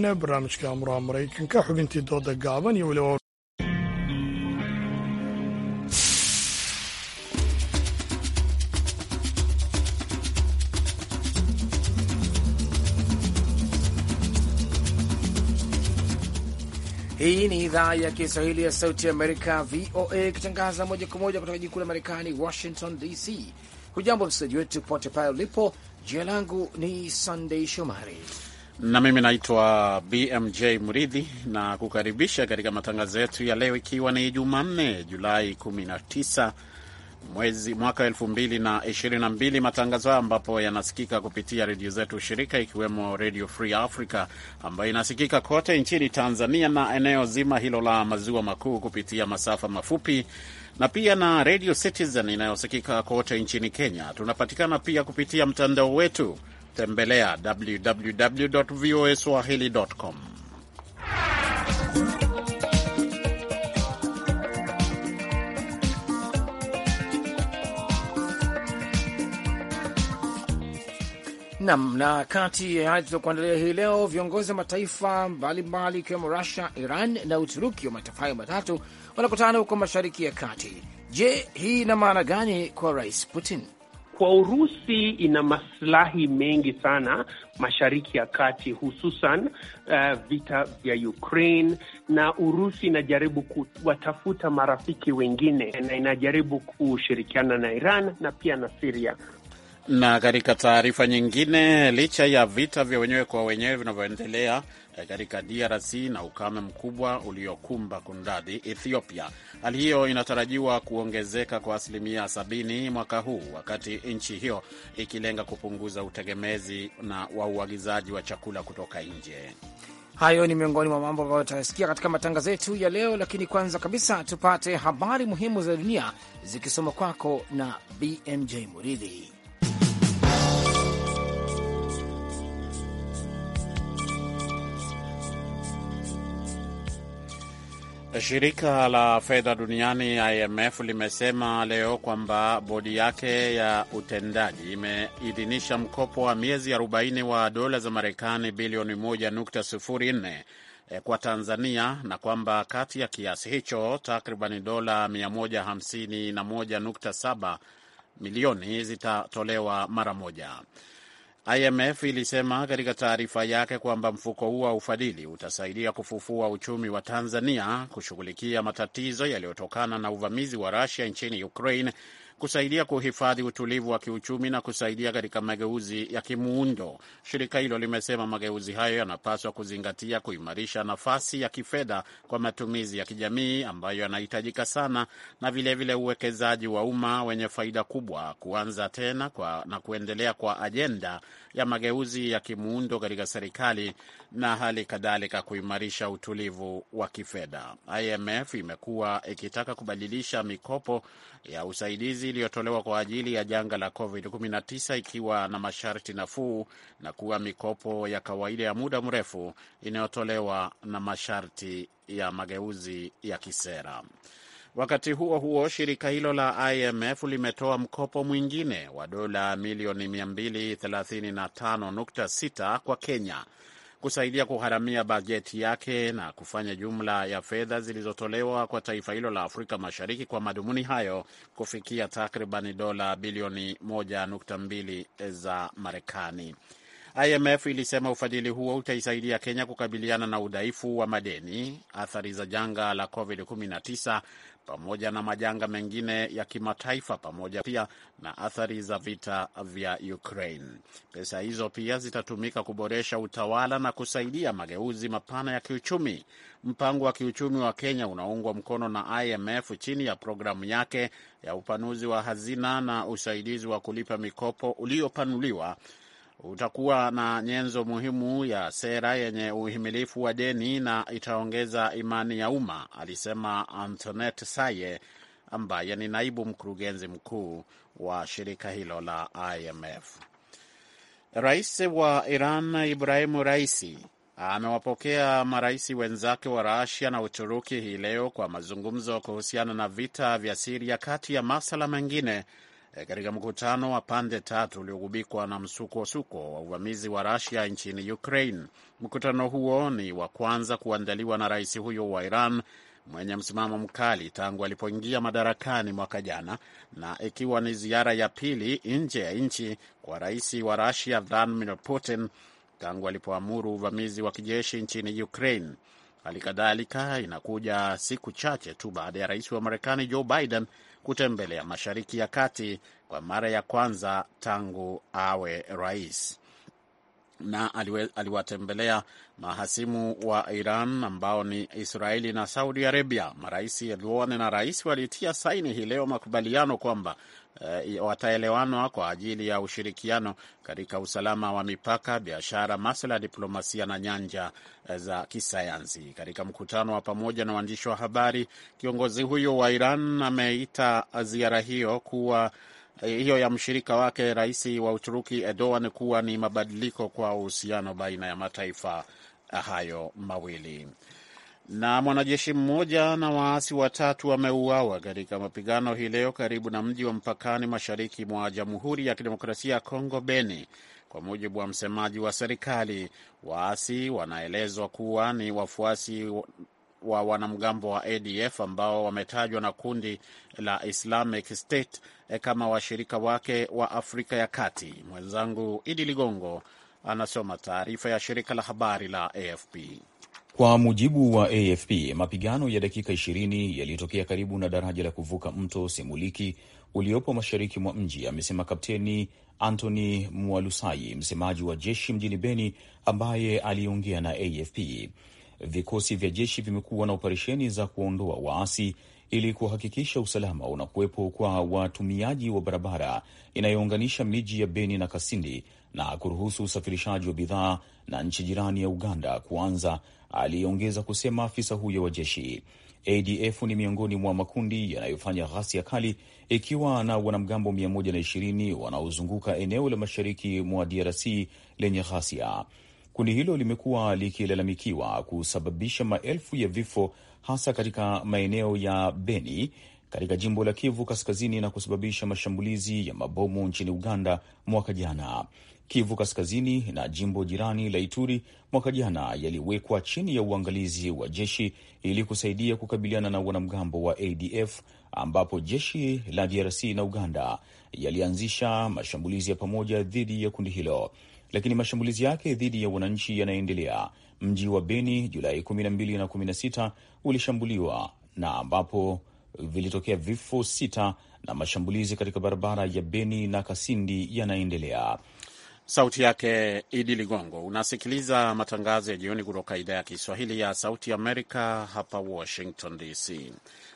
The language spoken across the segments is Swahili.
barnaamijka amuraha maraykanka xubintii dooda gaaban iyo waliba Hii ni idhaa ya Kiswahili ya Sauti Amerika, VOA, ikitangaza moja kwa moja kutoka jiji kuu la Marekani, Washington DC. Hujambo msikilizaji wetu popote pale ulipo. Jina langu ni Sandei Shomari na mimi naitwa BMJ Mridhi na kukaribisha katika matangazo yetu ya leo, ikiwa ni Jumanne Julai 19 mwezi mwaka 2022, matangazo hayo ambapo yanasikika kupitia redio zetu shirika, ikiwemo Redio Free Africa ambayo inasikika kote nchini Tanzania na eneo zima hilo la maziwa makuu kupitia masafa mafupi na pia na Radio Citizen inayosikika kote nchini Kenya. Tunapatikana pia kupitia mtandao wetu tembelea www.voaswahili.com. Nam na kati ya haya tuliokuandalia hii leo, viongozi wa mataifa mbalimbali ikiwemo Rusia, Iran na Uturuki wa mataifa hayo matatu wanakutana huko mashariki ya kati. Je, hii ina maana gani kwa Rais Putin? kwa Urusi ina maslahi mengi sana Mashariki ya Kati, hususan uh, vita vya Ukraine, na Urusi inajaribu kuwatafuta marafiki wengine na inajaribu kushirikiana na Iran na pia na Siria. Na katika taarifa nyingine, licha ya vita vya wenyewe kwa wenyewe vinavyoendelea Eh, katika DRC na ukame mkubwa uliokumba kundadhi Ethiopia. Hali hiyo inatarajiwa kuongezeka kwa asilimia 70 mwaka huu, wakati nchi hiyo ikilenga kupunguza utegemezi na wa uagizaji wa chakula kutoka nje. Hayo ni miongoni mwa mambo ambayo tutayasikia katika matangazo yetu ya leo, lakini kwanza kabisa tupate habari muhimu za dunia zikisoma kwako na BMJ Muridhi. Shirika la fedha duniani IMF limesema leo kwamba bodi yake ya utendaji imeidhinisha mkopo wa miezi 40 wa dola za Marekani bilioni 1.04 eh, kwa Tanzania na kwamba kati ya kiasi hicho takribani dola 151.7 milioni zitatolewa mara moja. IMF ilisema katika taarifa yake kwamba mfuko huo wa ufadhili utasaidia kufufua uchumi wa Tanzania, kushughulikia matatizo yaliyotokana na uvamizi wa rasia nchini Ukraine kusaidia kuhifadhi utulivu wa kiuchumi na kusaidia katika mageuzi ya kimuundo. Shirika hilo limesema mageuzi hayo yanapaswa kuzingatia kuimarisha nafasi ya kifedha kwa matumizi ya kijamii ambayo yanahitajika sana, na vilevile vile uwekezaji wa umma wenye faida kubwa, kuanza tena kwa na kuendelea kwa ajenda ya mageuzi ya kimuundo katika serikali na hali kadhalika kuimarisha utulivu wa kifedha. IMF imekuwa ikitaka kubadilisha mikopo ya usaidizi hizi iliyotolewa kwa ajili ya janga la COVID-19 ikiwa na masharti nafuu na kuwa mikopo ya kawaida ya muda mrefu inayotolewa na masharti ya mageuzi ya kisera. Wakati huo huo, shirika hilo la IMF limetoa mkopo mwingine wa dola milioni 235.6 kwa Kenya kusaidia kuharamia bajeti yake na kufanya jumla ya fedha zilizotolewa kwa taifa hilo la Afrika Mashariki kwa madhumuni hayo kufikia takriban dola bilioni 1.2 za Marekani. IMF ilisema ufadhili huo utaisaidia Kenya kukabiliana na udhaifu wa madeni, athari za janga la COVID-19 pamoja na majanga mengine ya kimataifa pamoja pia na athari za vita vya Ukraine. Pesa hizo pia zitatumika kuboresha utawala na kusaidia mageuzi mapana ya kiuchumi. Mpango wa kiuchumi wa Kenya unaungwa mkono na IMF chini ya programu yake ya upanuzi wa hazina na usaidizi wa kulipa mikopo uliopanuliwa utakuwa na nyenzo muhimu ya sera yenye uhimilifu wa deni na itaongeza imani ya umma, alisema Antoinette Saye ambaye ni naibu mkurugenzi mkuu wa shirika hilo la IMF. Rais wa Iran Ibrahimu Raisi amewapokea marais wenzake wa rasia na Uturuki hii leo kwa mazungumzo kuhusiana na vita vya Siria, kati ya masala mengine E, katika mkutano wa pande tatu uliogubikwa na msukosuko wa uvamizi wa Rusia nchini Ukraine. Mkutano huo ni wa kwanza kuandaliwa na rais huyo wa Iran mwenye msimamo mkali tangu alipoingia madarakani mwaka jana, na ikiwa ni ziara ya pili nje ya nchi kwa rais wa Rusia Vladimir Putin tangu alipoamuru uvamizi wa kijeshi nchini Ukraine. Hali kadhalika inakuja siku chache tu baada ya rais wa Marekani Joe Biden kutembelea Mashariki ya Kati kwa mara ya kwanza tangu awe rais na aliwe, aliwatembelea mahasimu wa Iran ambao ni Israeli na Saudi Arabia. Marais Erdogan na rais walitia saini hii leo makubaliano kwamba e, eh, wataelewana kwa ajili ya ushirikiano katika usalama wa mipaka, biashara, masuala ya diplomasia na nyanja eh, za kisayansi. Katika mkutano wa pamoja na waandishi wa habari, kiongozi huyo wa Iran ameita ziara hiyo kuwa eh, hiyo ya mshirika wake rais wa Uturuki Erdogan kuwa ni mabadiliko kwa uhusiano baina ya mataifa hayo mawili. Na mwanajeshi mmoja na waasi watatu wameuawa katika mapigano hii leo karibu na mji wa mpakani mashariki mwa Jamhuri ya Kidemokrasia ya Kongo, Beni. Kwa mujibu wa msemaji wa serikali, waasi wanaelezwa kuwa ni wafuasi wa wanamgambo wa ADF ambao wametajwa na kundi la Islamic State eh, kama washirika wake wa Afrika ya Kati. Mwenzangu Idi Ligongo anasoma taarifa ya shirika la habari la AFP. Kwa mujibu wa AFP, mapigano ya dakika 20 yaliyotokea karibu na daraja la kuvuka mto Semuliki uliopo mashariki mwa mji, amesema Kapteni Antony Mwalusai, msemaji wa jeshi mjini Beni, ambaye aliongea na AFP. Vikosi vya jeshi vimekuwa na operesheni za kuondoa waasi ili kuhakikisha usalama unakuwepo kwa watumiaji wa barabara inayounganisha miji ya Beni na Kasindi na kuruhusu usafirishaji wa bidhaa na nchi jirani ya Uganda kuanza, aliyeongeza kusema afisa huyo wa jeshi. ADF ni miongoni mwa makundi yanayofanya ghasia kali ikiwa na wanamgambo 120 wanaozunguka eneo la mashariki mwa DRC lenye ghasia. Kundi hilo limekuwa likilalamikiwa kusababisha maelfu ya vifo hasa katika maeneo ya Beni katika jimbo la Kivu Kaskazini na kusababisha mashambulizi ya mabomu nchini Uganda mwaka jana. Kivu Kaskazini na jimbo jirani la Ituri mwaka jana yaliwekwa chini ya uangalizi wa jeshi ili kusaidia kukabiliana na wanamgambo wa ADF, ambapo jeshi la DRC na Uganda yalianzisha mashambulizi ya pamoja dhidi ya kundi hilo, lakini mashambulizi yake dhidi ya wananchi yanaendelea. Mji wa Beni Julai 12 na 16 ulishambuliwa na ambapo vilitokea vifo sita na mashambulizi katika barabara ya Beni na Kasindi yanaendelea. Sauti yake Idi Ligongo. Unasikiliza matangazo ya jioni kutoka idhaa ya Kiswahili ya Sauti Amerika, hapa Washington DC.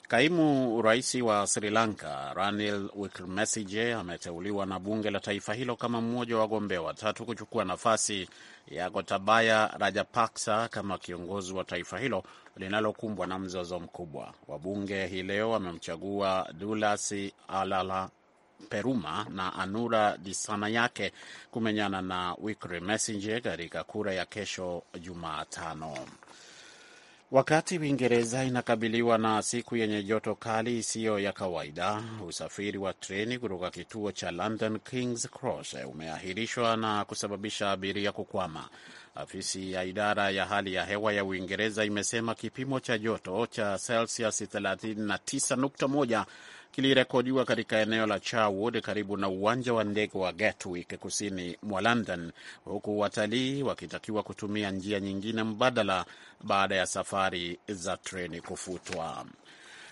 Kaimu rais wa Sri Lanka Ranil Wickremesinghe ameteuliwa na bunge la taifa hilo kama mmoja wa wagombea watatu kuchukua nafasi ya Gotabaya Rajapaksa kama kiongozi wa taifa hilo linalokumbwa na mzozo mkubwa. Wabunge hii leo wamemchagua Dulasi Alala Peruma na Anura yake kumenyana na Wikry Messenger katika kura ya kesho Jumatano. Wakati Uingereza inakabiliwa na siku yenye joto kali isiyo ya kawaida, usafiri wa treni kutoka kituo cha London King's Cross umeahirishwa na kusababisha abiria kukwama. Afisi ya idara ya hali ya hewa ya Uingereza imesema kipimo cha joto cha Celsius 39.1 kilirekodiwa katika eneo la Charwood karibu na uwanja wa ndege wa Gatwick kusini mwa London, huku watalii wakitakiwa kutumia njia nyingine mbadala baada ya safari za treni kufutwa.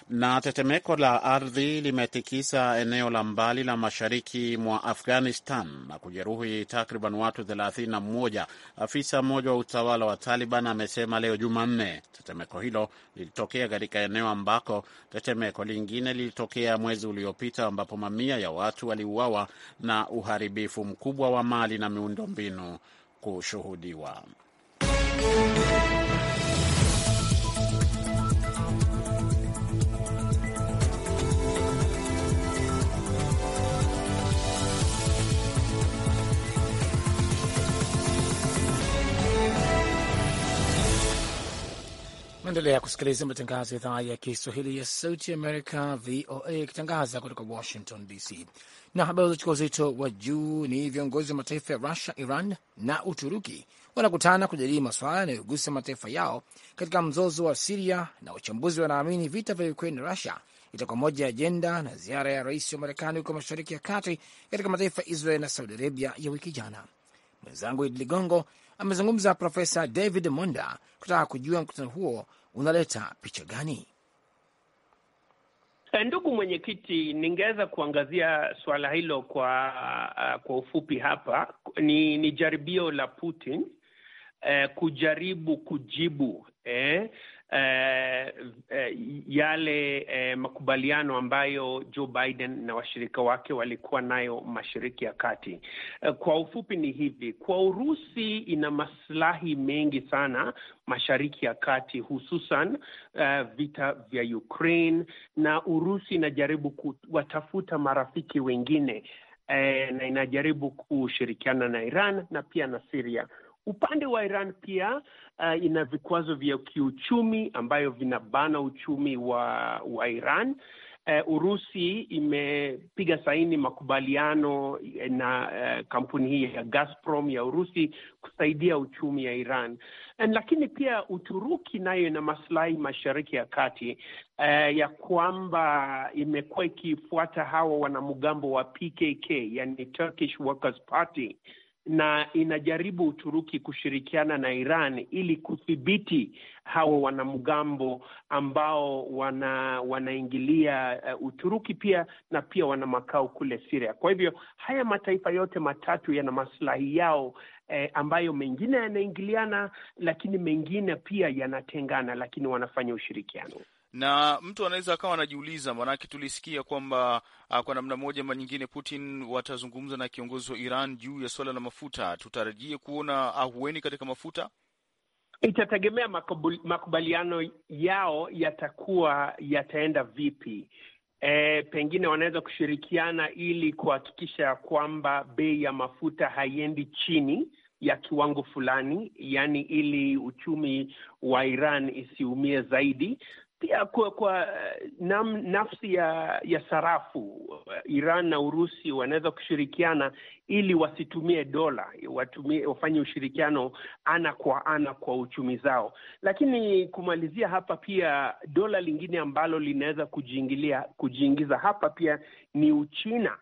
Na tetemeko la ardhi limetikisa eneo la mbali la mashariki mwa Afghanistan na kujeruhi takriban watu 31, afisa mmoja wa utawala wa Taliban amesema leo Jumanne. Tetemeko hilo lilitokea katika eneo ambako tetemeko lingine lilitokea mwezi uliopita, ambapo mamia ya watu waliuawa na uharibifu mkubwa wa mali na miundombinu kushuhudiwa. Naendelea kusikiliza matangazo ya idhaa ya Kiswahili ya Sauti Amerika, VOA, ikitangaza kutoka Washington DC. Na habari zachukua uzito wa juu ni viongozi wa mataifa ya Rusia, Iran na Uturuki wanakutana kujadili masuala yanayogusa mataifa yao katika mzozo wa Siria, na wachambuzi wanaamini vita vya Ukraine na Rusia itakuwa moja ya ajenda na ziara ya rais wa Marekani huko Mashariki ya Kati katika mataifa ya Israel na Saudi Arabia ya wiki jana. Mwenzangu Idi Ligongo amezungumza Profesa David Monda kutaka kujua mkutano huo unaleta picha gani. Eh, ndugu mwenyekiti, ningeweza kuangazia suala hilo kwa uh, kwa ufupi hapa. Ni, ni jaribio la Putin uh, kujaribu kujibu eh, eh, eh, yale eh, makubaliano ambayo Joe Biden na washirika wake walikuwa nayo Mashariki ya Kati. Eh, kwa ufupi ni hivi, kwa Urusi ina maslahi mengi sana Mashariki ya Kati, hususan uh, vita vya Ukraine, na Urusi inajaribu kuwatafuta marafiki wengine eh, na inajaribu kushirikiana na Iran na pia na Syria Upande wa Iran pia uh, ina vikwazo vya kiuchumi ambayo vinabana uchumi wa, wa Iran. Uh, Urusi imepiga saini makubaliano eh, na uh, kampuni hii ya Gazprom ya Urusi kusaidia uchumi ya Iran. And uh, lakini pia Uturuki nayo ina maslahi Mashariki ya Kati uh, ya kwamba imekuwa ikifuata hawa wanamgambo wa PKK, yani Turkish Workers Party na inajaribu Uturuki kushirikiana na Iran ili kudhibiti hawa wanamgambo ambao wana wanaingilia uh, Uturuki pia na pia wana makao kule siria Kwa hivyo haya mataifa yote matatu yana maslahi yao eh, ambayo mengine yanaingiliana, lakini mengine pia yanatengana, lakini wanafanya ushirikiano na mtu anaweza akawa anajiuliza, maanake tulisikia kwamba ah, kwa namna moja ama nyingine Putin watazungumza na kiongozi wa Iran juu ya suala la mafuta. Tutarajie kuona ahueni katika mafuta, itategemea makubaliano yao yatakuwa yataenda vipi. E, pengine wanaweza kushirikiana ili kuhakikisha ya kwamba bei ya mafuta haiendi chini ya kiwango fulani, yaani ili uchumi wa Iran isiumie zaidi pia kwa, kwa nam, nafsi ya ya sarafu Iran na Urusi wanaweza kushirikiana ili wasitumie dola, watumie wafanye ushirikiano ana kwa ana kwa uchumi zao. Lakini kumalizia hapa, pia dola lingine ambalo linaweza kujiingilia kujiingiza hapa pia ni Uchina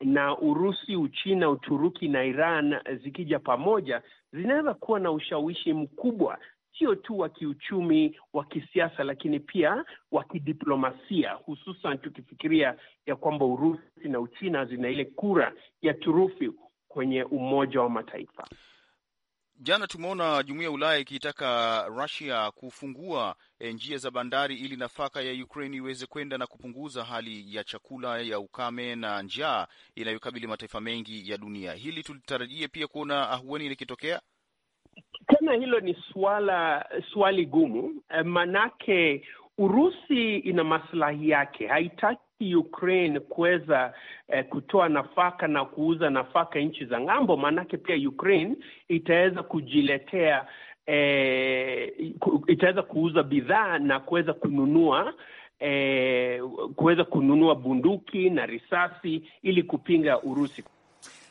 na Urusi, Uchina, Uturuki na Iran zikija pamoja zinaweza kuwa na ushawishi mkubwa sio tu wa kiuchumi, wa kisiasa, lakini pia wa kidiplomasia, hususan tukifikiria ya kwamba Urusi na Uchina zina ile kura ya turufu kwenye Umoja wa Mataifa. Jana tumeona jumuiya ya Ulaya ikiitaka rasia kufungua e, njia za bandari ili nafaka ya Ukraine iweze kwenda na kupunguza hali ya chakula ya ukame na njaa inayokabili mataifa mengi ya dunia. Hili tulitarajia pia kuona ahueni likitokea. Tena hilo ni swala swali gumu, eh, manake Urusi ina maslahi yake, haitaki Ukraine kuweza eh, kutoa nafaka na kuuza nafaka nchi za ng'ambo, maanake pia Ukraine itaweza kujiletea eh, itaweza kuuza bidhaa na kuweza kununua eh, kuweza kununua bunduki na risasi ili kupinga Urusi.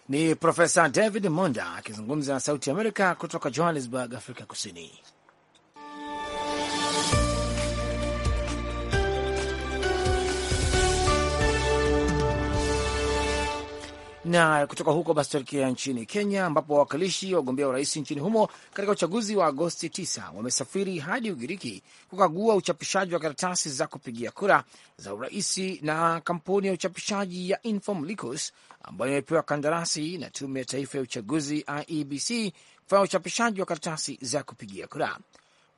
Ni Profesa David Monda akizungumza na Sauti ya Amerika kutoka Johannesburg, Afrika Kusini. Na kutoka huko basi tuelekea nchini Kenya, ambapo wawakilishi wa wagombea urais nchini humo katika uchaguzi wa Agosti 9 wamesafiri hadi Ugiriki kukagua uchapishaji wa karatasi za kupigia kura za uraisi na kampuni ya uchapishaji ya Inform ambayo imepewa kandarasi na Tume ya Taifa ya Uchaguzi IEBC kufanya uchapishaji wa karatasi za kupigia kura.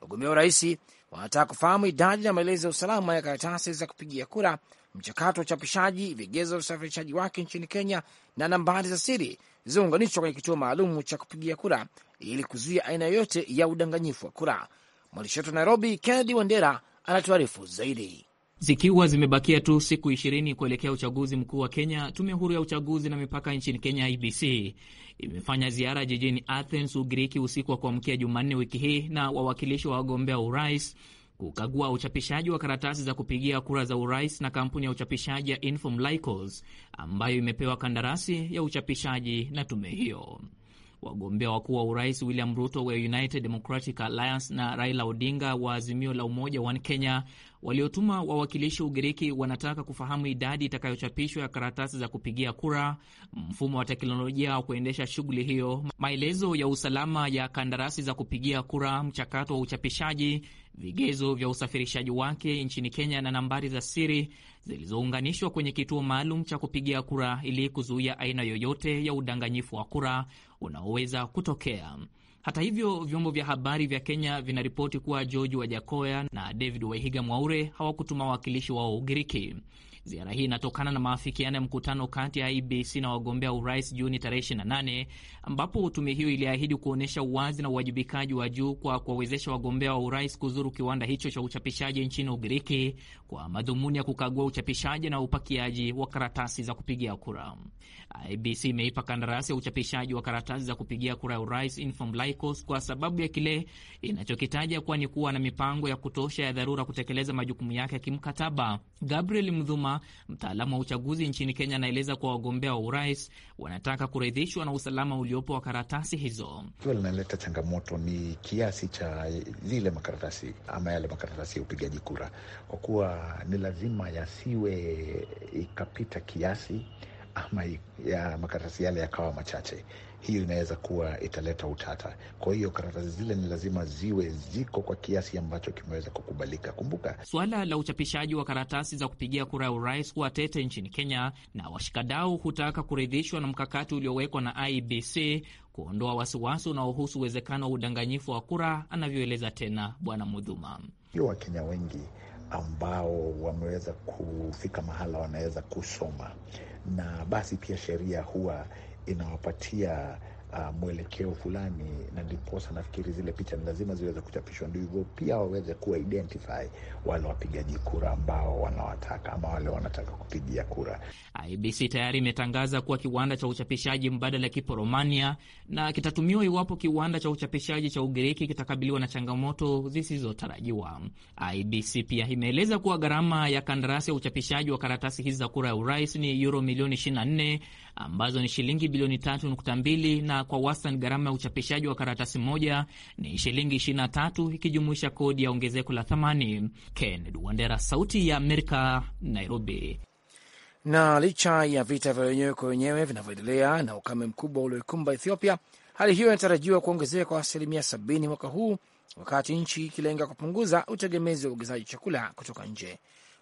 Wagombea urais wanataka kufahamu idadi na maelezo ya usalama ya karatasi za kupigia kura mchakato wa uchapishaji, vigezo vya usafirishaji wake nchini Kenya na nambari za siri zilizounganishwa kwenye kituo maalum cha kupigia kura ili kuzuia aina yoyote ya udanganyifu wa kura. Mwandishi wetu wa Nairobi, Kennedy Wandera, anatuarifu zaidi. Zikiwa zimebakia tu siku ishirini kuelekea uchaguzi mkuu wa Kenya, tume huru ya uchaguzi na mipaka nchini Kenya, IBC, imefanya ziara jijini Athens, Ugiriki, usiku wa kuamkia Jumanne wiki hii na wawakilishi wa wagombea urais kukagua uchapishaji wa karatasi za kupigia kura za urais na kampuni ya uchapishaji ya Inform Lycos ambayo imepewa kandarasi ya uchapishaji na tume hiyo wagombea wakuu wa urais William Ruto wa United Democratic Alliance na Raila Odinga wa Azimio la Umoja wa Kenya waliotuma wawakilishi Ugiriki wanataka kufahamu idadi itakayochapishwa ya karatasi za kupigia kura, mfumo wa teknolojia wa kuendesha shughuli hiyo, maelezo ya usalama ya kandarasi za kupigia kura, mchakato wa uchapishaji, vigezo vya usafirishaji wake nchini Kenya na nambari za siri zilizounganishwa kwenye kituo maalum cha kupigia kura ili kuzuia aina yoyote ya udanganyifu wa kura unaoweza kutokea. Hata hivyo, vyombo vya habari vya Kenya vinaripoti kuwa George Wajakoya na David Waihiga Mwaure hawakutuma wawakilishi wao Ugiriki. Ziara hii inatokana na maafikiano ya mkutano kati ya IBC na wagombea urais Juni tarehe 28 ambapo tume hiyo iliahidi kuonyesha uwazi na uwajibikaji wa juu kwa kuwawezesha wagombea wa urais kuzuru kiwanda hicho cha uchapishaji nchini Ugiriki kwa madhumuni ya kukagua uchapishaji na upakiaji wa karatasi za kupigia kura. IBC imeipa kandarasi ya uchapishaji wa karatasi za kupigia kura ya urais Infom kwa sababu ya kile inachokitaja kuwa ni kuwa na mipango ya kutosha ya dharura kutekeleza majukumu yake ya kimkataba. Gabriel Mdhuma, mtaalamu wa uchaguzi nchini Kenya, anaeleza kuwa wagombea wa urais wanataka kuridhishwa na usalama uliopo wa karatasi hizo. Kiwa linaleta changamoto ni kiasi cha zile makaratasi ama yale makaratasi ya upigaji kura, kwa kuwa ni lazima yasiwe ikapita kiasi ama ya makaratasi yale yakawa machache, hiyo inaweza kuwa italeta utata. Kwa hiyo karatasi zile ni lazima ziwe ziko kwa kiasi ambacho kimeweza kukubalika. Kumbuka suala la uchapishaji wa karatasi za kupigia kura ya urais huwa tete nchini Kenya, na washikadau hutaka kuridhishwa na mkakati uliowekwa na IBC kuondoa wasiwasi unaohusu uwezekano wa udanganyifu wa kura, anavyoeleza tena Bwana Mudhuma. Hiyo Wakenya wengi ambao wameweza kufika mahala wanaweza kusoma na basi pia sheria huwa inawapatia uh, mwelekeo fulani, na ndiposa nafikiri zile picha ni lazima ziweze kuchapishwa, ndio hivyo pia waweze kuwa identify wale wapigaji kura ambao wanawataka ama wale wanataka kupigia kura. IBC tayari imetangaza kuwa kiwanda cha uchapishaji mbadala kipo Romania na kitatumiwa iwapo kiwanda cha uchapishaji cha Ugiriki kitakabiliwa na changamoto zisizotarajiwa. IBC pia imeeleza kuwa gharama ya kandarasi ya uchapishaji wa karatasi hizi za kura ya urais ni euro milioni 24 ambazo ni shilingi bilioni 3.2 na kwa wastani gharama ya uchapishaji wa karatasi moja ni shilingi 23 ikijumuisha kodi ya ongezeko la thamani. Kennedy Wandera, Sauti ya Amerika, Nairobi. Na licha ya vita vya wenyewe kwa wenyewe vinavyoendelea na ukame mkubwa ulioikumba Ethiopia, hali hiyo inatarajiwa kuongezeka kwa asilimia sabini mwaka huu, wakati nchi ikilenga kupunguza utegemezi wa uagizaji chakula kutoka nje.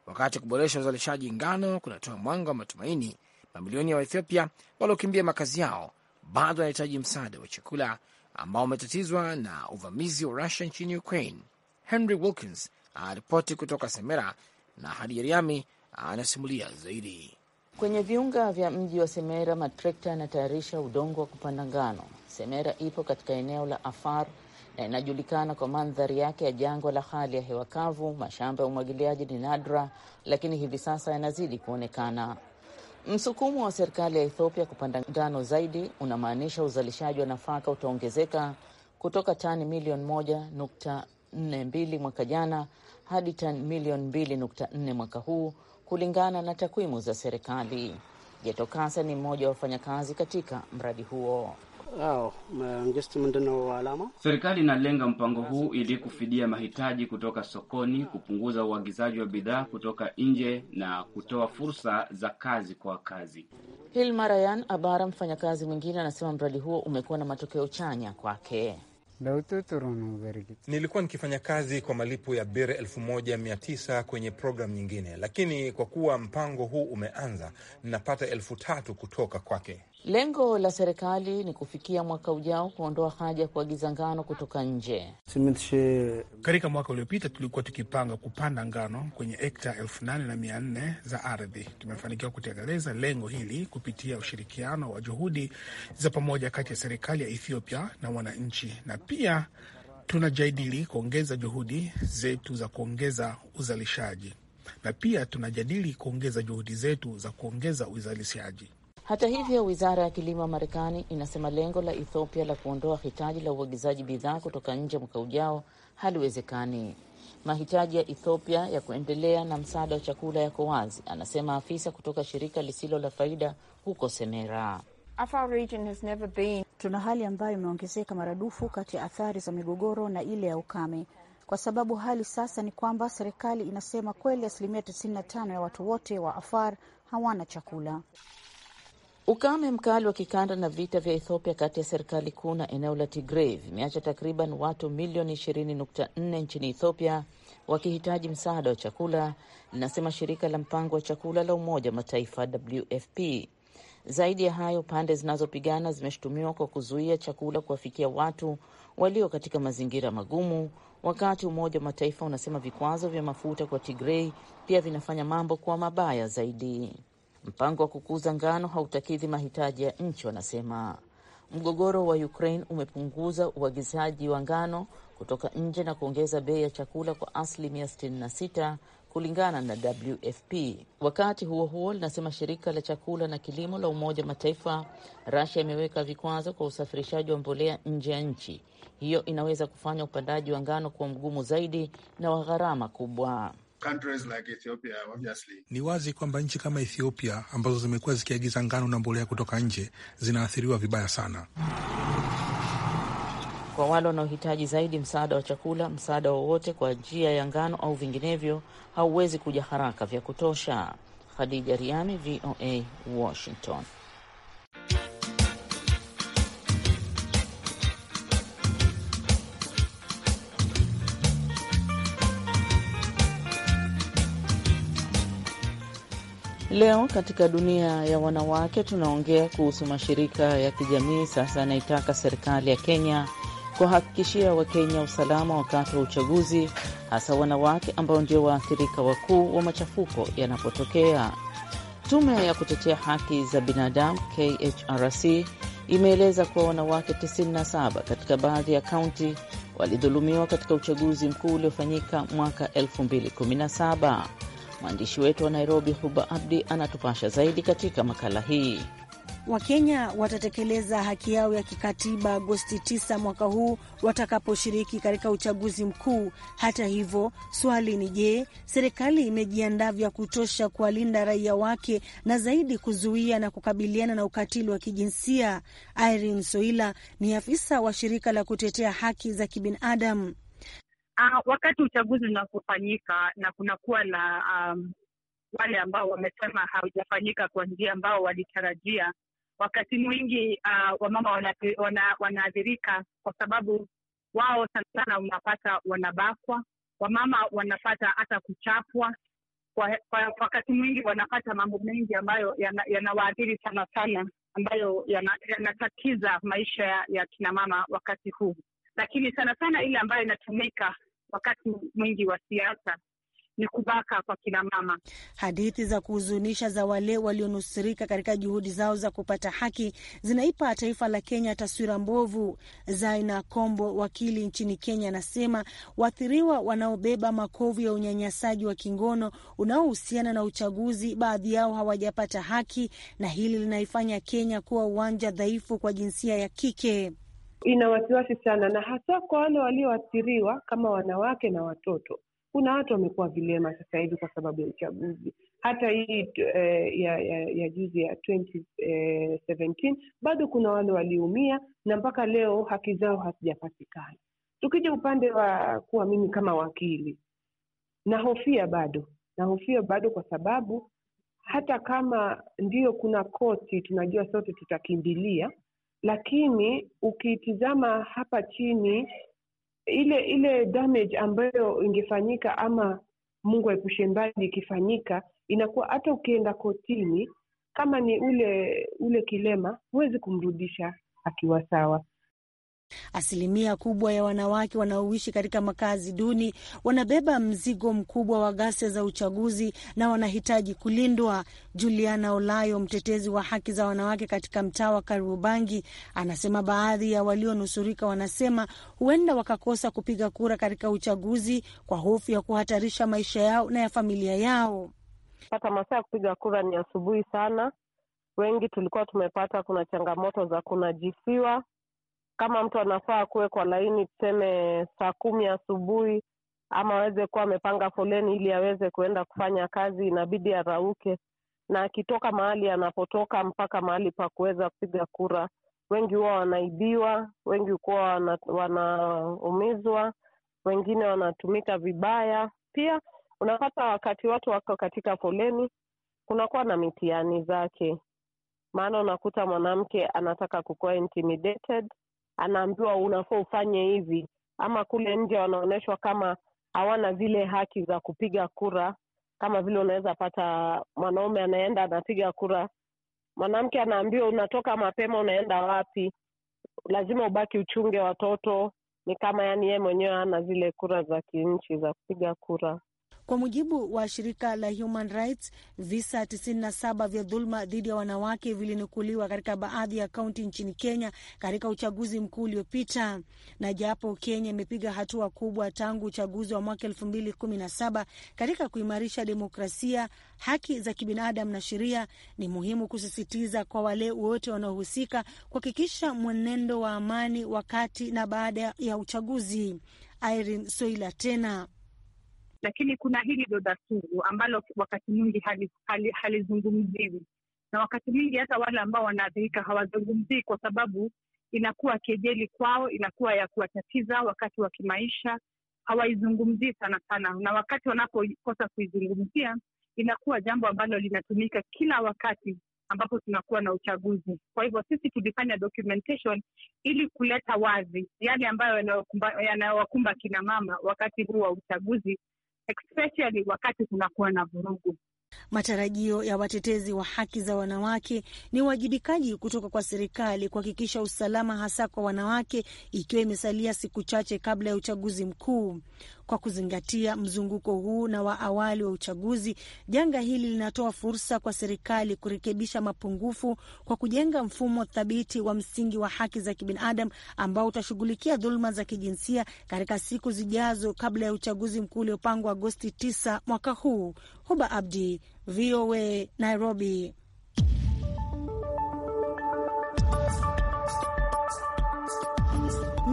Wakati kuboresha uzalishaji ngano kunatoa mwanga wa matumaini, mamilioni ya Waethiopia waliokimbia makazi yao bado anahitaji msaada wa chakula ambao umetatizwa na uvamizi wa Rusia nchini Ukraine. Henry Wilkins aripoti kutoka Semera na Hadi Riami anasimulia zaidi. Kwenye viunga vya mji wa Semera, matrekta yanatayarisha udongo wa kupanda ngano. Semera ipo katika eneo la Afar na inajulikana kwa mandhari yake ya jangwa la hali ya hewa kavu. Mashamba ya umwagiliaji ni nadra, lakini hivi sasa yanazidi kuonekana. Msukumo wa serikali ya Ethiopia kupanda ngano zaidi unamaanisha uzalishaji wa nafaka utaongezeka kutoka tani milioni moja nukta nne mbili mwaka jana hadi tani milioni mbili nukta nne mwaka huu kulingana na takwimu za serikali. Jetokasa ni mmoja wa wafanyakazi katika mradi huo. አዎ መንግስት um, Serikali inalenga mpango huu ili kufidia mahitaji kutoka sokoni, kupunguza uagizaji wa bidhaa kutoka nje na kutoa fursa za kazi kwa wakazi. Hilma Rayan Abara, mfanyakazi mwingine, anasema mradi huo umekuwa na matokeo chanya kwake. Nilikuwa nikifanya kazi kwa malipo ya bere 1900 kwenye programu nyingine, lakini kwa kuwa mpango huu umeanza, ninapata elfu tatu kutoka kwake. Lengo la serikali ni kufikia mwaka ujao kuondoa haja ya kuagiza ngano kutoka nje. Katika mwaka uliopita tulikuwa tukipanga kupanda ngano kwenye hekta elfu nane na mia nne za ardhi. Tumefanikiwa kutekeleza lengo hili kupitia ushirikiano wa juhudi za pamoja kati ya serikali ya Ethiopia na wananchi, na pia tunajadili kuongeza juhudi zetu za kuongeza uzalishaji, na pia tunajadili kuongeza juhudi zetu za kuongeza uzalishaji. Hata hivyo, wizara ya kilimo ya Marekani inasema lengo la Ethiopia la kuondoa hitaji la uagizaji bidhaa kutoka nje mwaka ujao haliwezekani. Mahitaji ya Ethiopia ya kuendelea na msaada wa chakula yako wazi, anasema afisa kutoka shirika lisilo la faida huko Semera. tuna hali ambayo imeongezeka maradufu kati ya athari za migogoro na ile ya ukame, kwa sababu hali sasa ni kwamba serikali inasema kweli asilimia 95 ya watu wote wa Afar hawana chakula. Ukame mkali wa kikanda na vita vya Ethiopia kati ya serikali kuu na eneo la Tigrei vimeacha takriban watu milioni 20.4 nchini Ethiopia wakihitaji msaada wa chakula, linasema shirika la mpango wa chakula la Umoja wa Mataifa, WFP. Zaidi ya hayo, pande zinazopigana zimeshutumiwa kwa kuzuia chakula kuwafikia watu walio katika mazingira magumu, wakati Umoja wa Mataifa unasema vikwazo vya mafuta kwa Tigrei pia vinafanya mambo kuwa mabaya zaidi. Mpango wa kukuza ngano hautakidhi mahitaji ya nchi, wanasema. Mgogoro wa Ukraine umepunguza uagizaji wa ngano kutoka nje na kuongeza bei ya chakula kwa asilimia 66 kulingana na WFP. Wakati huo huo, linasema shirika la chakula na kilimo la Umoja Mataifa, Rasia imeweka vikwazo kwa usafirishaji wa mbolea nje ya nchi. Hiyo inaweza kufanya upandaji wa ngano kuwa mgumu zaidi na wa gharama kubwa countries like Ethiopia, obviously. Ni wazi kwamba nchi kama Ethiopia ambazo zimekuwa zikiagiza ngano na mbolea kutoka nje zinaathiriwa vibaya sana. Kwa wale wanaohitaji zaidi msaada wa chakula, msaada wowote kwa njia ya ngano au vinginevyo hauwezi kuja haraka vya kutosha. Khadija Riami, VOA, Washington. Leo katika dunia ya wanawake tunaongea kuhusu mashirika ya kijamii sasa yanaitaka serikali ya Kenya kuwahakikishia Wakenya usalama wakati wa uchaguzi, hasa wanawake ambao ndio waathirika wakuu wa machafuko yanapotokea. Tume ya kutetea haki za binadamu KHRC imeeleza kuwa wanawake 97 katika baadhi ya kaunti walidhulumiwa katika uchaguzi mkuu uliofanyika mwaka 2017. Mwandishi wetu wa Nairobi, Huba Abdi, anatupasha zaidi katika makala hii. Wakenya watatekeleza haki yao ya kikatiba Agosti 9 mwaka huu watakaposhiriki katika uchaguzi mkuu. Hata hivyo, swali ni je, serikali imejiandaa vya kutosha kuwalinda raia wake na zaidi kuzuia na kukabiliana na ukatili wa kijinsia? Irene Soila ni afisa wa shirika la kutetea haki za kibinadamu. Uh, wakati uchaguzi unapofanyika na kunakuwa na um, wale ambao wamesema haujafanyika kwa njia ambao walitarajia, wakati mwingi uh, wamama wanaathirika wana, wana kwa sababu wao sana sana unapata wanabakwa, wamama wanapata hata kuchapwa kwa, kwa wakati mwingi wanapata mambo mengi ambayo yanawaathiri yana sana sana ambayo yanatatiza yana maisha ya, ya kinamama wakati huu, lakini sana sana ile ambayo inatumika wakati mwingi wa siasa ni kubaka kwa kina mama. Hadithi za kuhuzunisha za wale walionusurika katika juhudi zao za kupata haki zinaipa taifa la Kenya taswira mbovu. Zaina Kombo, wakili nchini Kenya, anasema waathiriwa wanaobeba makovu ya unyanyasaji wa kingono unaohusiana na uchaguzi, baadhi yao hawajapata haki, na hili linaifanya Kenya kuwa uwanja dhaifu kwa jinsia ya kike ina wasiwasi sana, na hasa kwa wale walioathiriwa kama wanawake na watoto. Kuna watu wamekuwa vilema sasa hivi kwa sababu ya uchaguzi. Hata hii eh, ya, ya, ya juzi ya 2017 eh, bado kuna wale waliumia na mpaka leo haki zao hazijapatikana. Tukija upande wa kuwa mimi kama wakili, nahofia bado, nahofia bado kwa sababu hata kama ndio kuna koti tunajua sote tutakimbilia lakini ukitizama hapa chini ile ile damage ambayo ingefanyika ama Mungu aepushe mbali, ikifanyika inakuwa hata ukienda kotini, kama ni ule ule kilema, huwezi kumrudisha akiwa sawa. Asilimia kubwa ya wanawake wanaoishi katika makazi duni wanabeba mzigo mkubwa wa ghasia za uchaguzi na wanahitaji kulindwa. Juliana Olayo, mtetezi wa haki za wanawake katika mtaa wa Karubangi, anasema baadhi ya walionusurika wanasema huenda wakakosa kupiga kura katika uchaguzi kwa hofu ya kuhatarisha maisha yao na ya familia yao. Pata masaa ya kupiga kura ni asubuhi sana. Wengi tulikuwa tumepata, kuna changamoto za kunajisiwa kama mtu anafaa kuwe kwa laini tuseme saa kumi asubuhi ama aweze kuwa amepanga foleni ili aweze kuenda kufanya kazi, inabidi arauke, na akitoka mahali anapotoka mpaka mahali pa kuweza kupiga kura, wengi huwa wanaibiwa, wengi kuwa wanaumizwa, wana wengine wanatumika vibaya. Pia unapata wakati watu wako katika foleni, kunakuwa na mitihani zake, maana unakuta mwanamke anataka kukuwa intimidated anaambiwa unafaa ufanye hivi, ama kule nje wanaonyeshwa kama hawana zile haki za kupiga kura. Kama vile unaweza pata mwanaume anaenda anapiga kura, mwanamke anaambiwa unatoka mapema, unaenda wapi, lazima ubaki uchunge watoto. Ni kama yani yeye mwenyewe hana zile kura za kinchi za kupiga kura. Kwa mujibu wa shirika la Human Rights, visa 97 vya dhuluma dhidi ya wanawake vilinukuliwa katika baadhi ya kaunti nchini Kenya katika uchaguzi mkuu uliopita. Na japo Kenya imepiga hatua kubwa tangu uchaguzi wa mwaka 2017 katika kuimarisha demokrasia, haki za kibinadamu na sheria, ni muhimu kusisitiza kwa wale wote wanaohusika kuhakikisha mwenendo wa amani wakati na baada ya uchaguzi. Irene Soila tena lakini kuna hili doda sugu ambalo wakati mwingi halizungumziwi hali, hali na wakati mwingi hata wale ambao wanaathirika hawazungumzii kwa sababu inakuwa kejeli kwao, inakuwa ya kuwatatiza wakati wa kimaisha. Hawaizungumzii sana sana, na wakati wanapokosa kuizungumzia inakuwa jambo ambalo linatumika kila wakati ambapo tunakuwa na uchaguzi. Kwa hivyo sisi tulifanya documentation ili kuleta wazi yale ambayo yanayowakumba kina mama wakati huu wa uchaguzi, especially wakati kunakuwa na vurugu. Matarajio ya watetezi wa haki za wanawake ni uwajibikaji kutoka kwa serikali kuhakikisha usalama hasa kwa wanawake, ikiwa imesalia siku chache kabla ya uchaguzi mkuu. Kwa kuzingatia mzunguko huu na wa awali wa uchaguzi, janga hili linatoa fursa kwa serikali kurekebisha mapungufu kwa kujenga mfumo thabiti wa msingi wa haki za kibinadamu ambao utashughulikia dhuluma za kijinsia katika siku zijazo kabla ya uchaguzi mkuu uliopangwa Agosti 9 mwaka huu. Huba Abdi, VOA, Nairobi.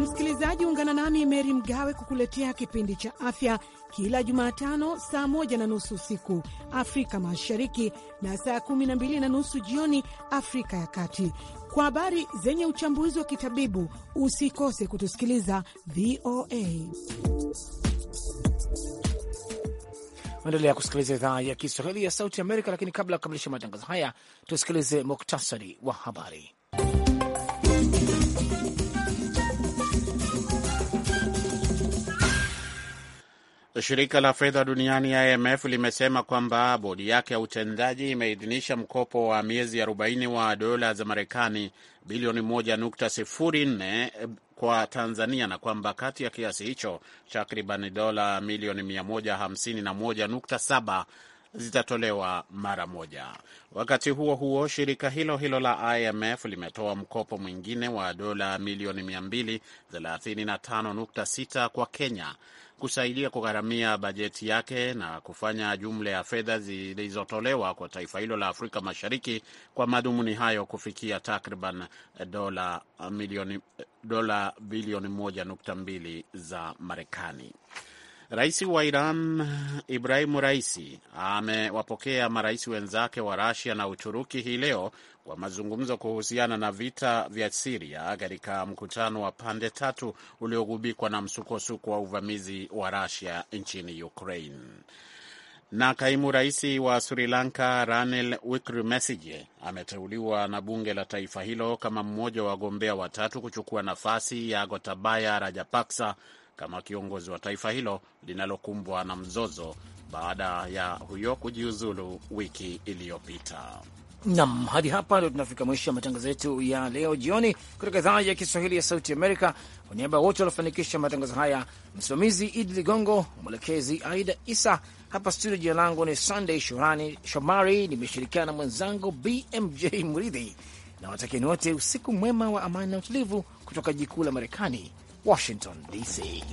Msikilizaji, ungana nami Meri Mgawe kukuletea kipindi cha afya kila Jumatano saa moja na nusu usiku Afrika Mashariki na saa kumi na mbili na nusu jioni Afrika ya Kati, kwa habari zenye uchambuzi wa kitabibu. Usikose kutusikiliza VOA. Endelea kusikiliza idhaa ya Kiswahili ya Sauti Amerika, lakini kabla ya kukamilisha matangazo haya, tusikilize muktasari wa habari. Shirika la fedha duniani IMF limesema kwamba bodi yake ya utendaji imeidhinisha mkopo wa miezi 40 wa dola za Marekani bilioni 1.04 kwa Tanzania na kwamba kati ya kiasi hicho takriban dola milioni 151.7 zitatolewa mara moja. Wakati huo huo, shirika hilo hilo la IMF limetoa mkopo mwingine wa dola milioni 235.6 kwa Kenya kusaidia kugharamia bajeti yake na kufanya jumla ya fedha zilizotolewa kwa taifa hilo la Afrika Mashariki kwa madhumuni hayo kufikia takriban dola milioni dola bilioni 1.2 za Marekani. Rais wa Iran Ibrahimu Raisi amewapokea marais wenzake wa Rasia na Uturuki hii leo kwa mazungumzo kuhusiana na vita vya Siria katika mkutano wa pande tatu uliogubikwa na msukosuko wa uvamizi wa Rusia nchini Ukraine. Na kaimu rais wa Sri Lanka Ranil Wickremesinghe ameteuliwa na bunge la taifa hilo kama mmoja wa wagombea watatu kuchukua nafasi ya Gotabaya Rajapaksa kama kiongozi wa taifa hilo linalokumbwa na mzozo baada ya huyo kujiuzulu wiki iliyopita. Nam, hadi hapa ndio tunafika mwisho wa matangazo yetu ya leo jioni kutoka idhaa ya Kiswahili ya Sauti Amerika. Kwa niaba ya wote waliofanikisha matangazo haya, msimamizi Idi Ligongo, mwelekezi Aida Isa hapa studio. Jina langu ni Sunday Shorani Shomari, nimeshirikiana na mwenzangu BMJ Mridhi na watakieni wote usiku mwema wa amani na utulivu kutoka jikuu la Marekani, Washington DC.